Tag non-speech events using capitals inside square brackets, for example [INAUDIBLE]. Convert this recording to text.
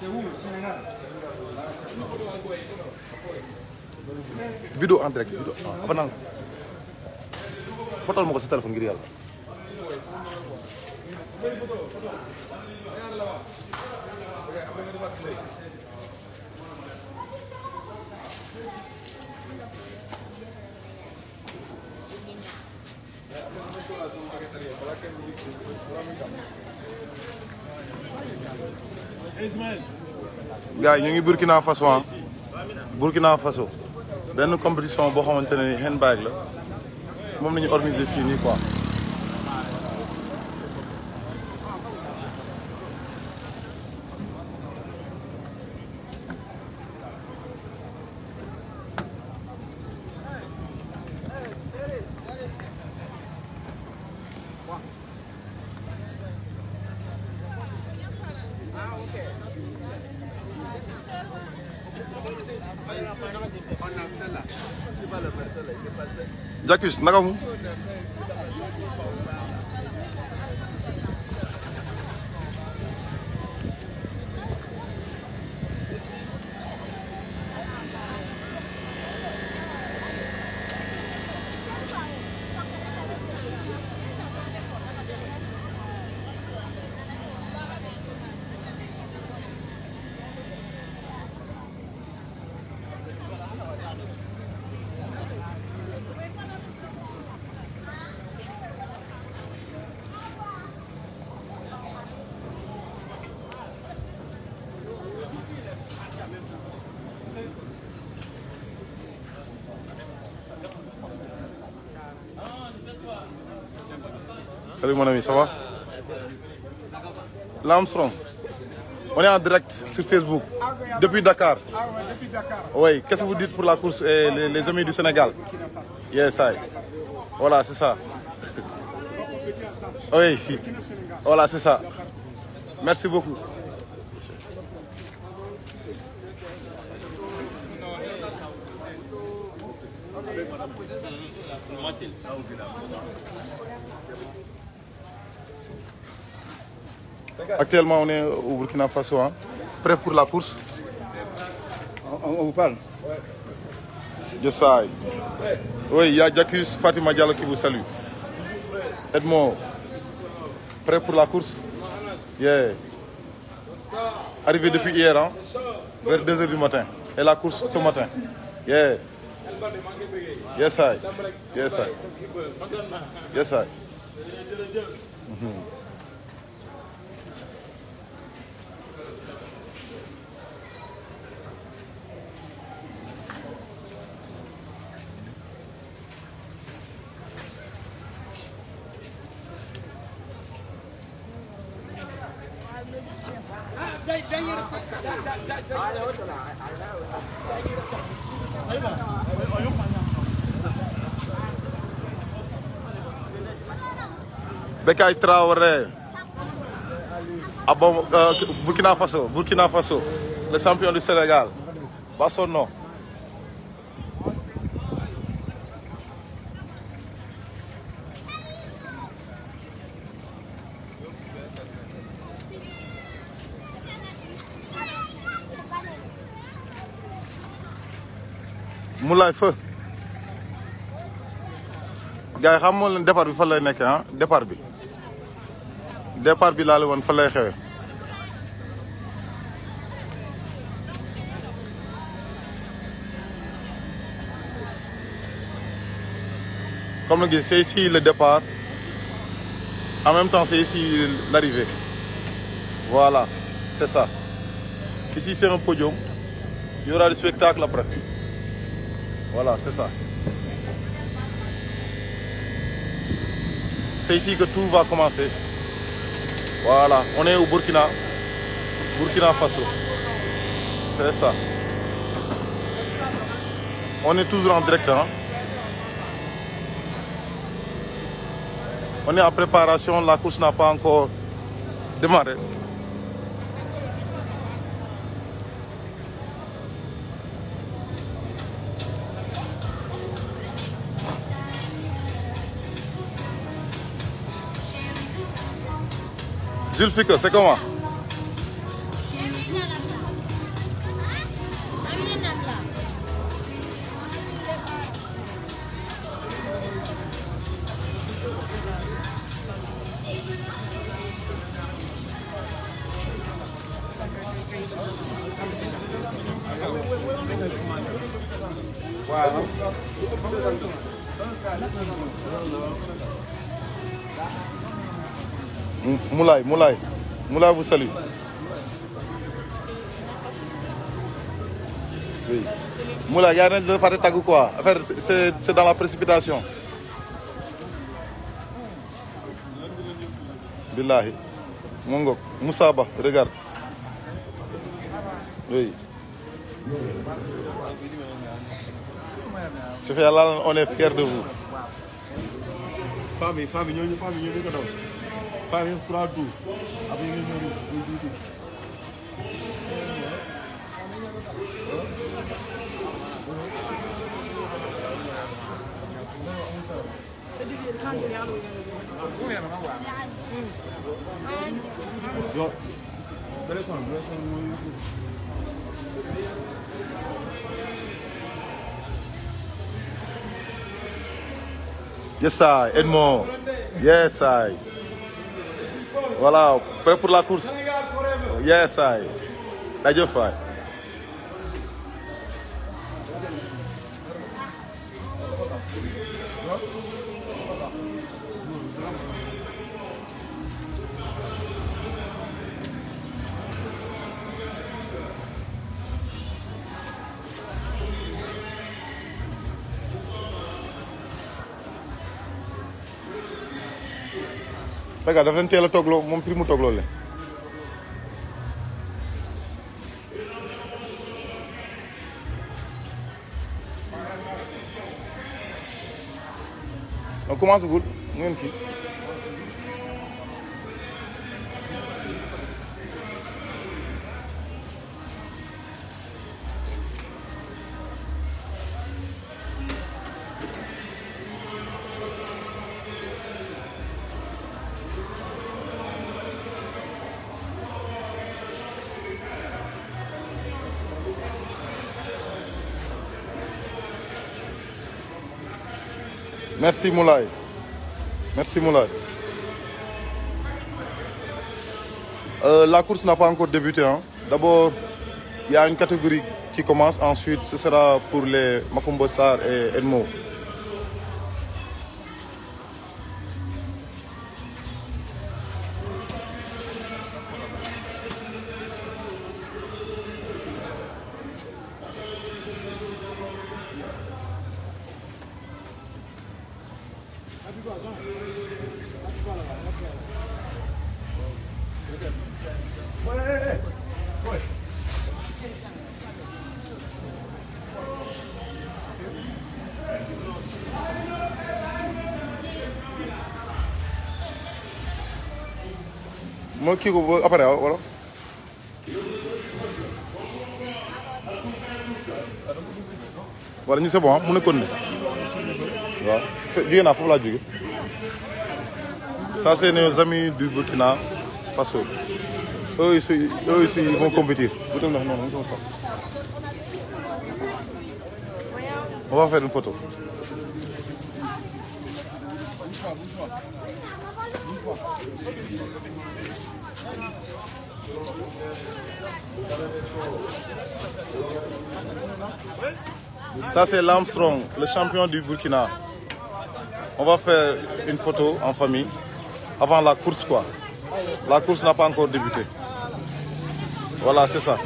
Séoul, Sénégal. vidéo en direct vidéo apa nang Foto mau kasih telepon téléphone ngir gars yi ñu ngi Burkina Faso ah Burkina Faso benn compétition boo xamante ne baag la moom la ñu organiser fii nii quoi. Jacques, naka mu Salut mon ami, ça va L'Armstrong, on est en direct sur Facebook ah, ah, depuis Dakar. Oui, qu'est-ce que vous dites pour la course et les, amis du Sénégal Yes, I. Voilà, c'est ça. [LAUGHS] Oui, voilà, c'est ça. Merci beaucoup. Actuellement, on est au Burkina Faso, hein. prêt pour la course. On, vous parle Yes sais. Oui, il y a Jacques Fatima Diallo qui vous salue. Edmond, prêt pour la course Yeah. Arrivé depuis hier, hein, vers 2h du matin. Et la course ce matin. Yeah. Yes, I. Yes, I. Yes, I. Bekay Traoré, eh, Burkina Faso, Burkina Faso, le champion du Sénégal. Basso non. Moulay Feu gars xam le départ bi fa lay nek ah? départ bi départ bi la la won fa comme le c'est ici le départ en même temps c'est ici l'arrivée voilà c'est ça ici c'est un podium il y aura le spectacle après voilà, c'est ça. C'est ici que tout va commencer. Voilà, on est au Burkina. Burkina Faso. C'est ça. On est toujours en direct. Hein. On est en préparation, la course n'a pas encore démarré. le c'est comment Wow. Moulay, Moulay. Moulay vous salue. Oui. Moulay, il y a rien de ou quoi C'est dans la précipitation. Billahi. Mongok. Moussaba, regarde. Oui. fait là, on est fiers de vous. Famille, famille, famille, famille, famille, famille. 5 Yes, I, Edmond. Yes, I. voilà prêt pour la course yes I jaajëf waay parce que dafa leen teel a toogloo moom pour mu toogloo leen. on commence gul ngeen kii. Merci Moulay. Merci Moulay. Euh, la course n'a pas encore débuté. Hein. D'abord, il y a une catégorie qui commence. Ensuite, ce sera pour les Makumbossar et Elmo. moo kii ko ba appareil wala. wala ñu c'est bon mu nekkoon ni waaw. Dieu n'a pas la ça c'est nos amis du Burkina Faso eux aussi ils vont compétir on va faire une photo Ça, c'est l'Armstrong, le champion du Burkina on va faire une photo en famille avant la course quoi. La course n'a pas encore débuté. Voilà, c'est ça.